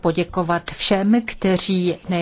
poděkovat všem, kteří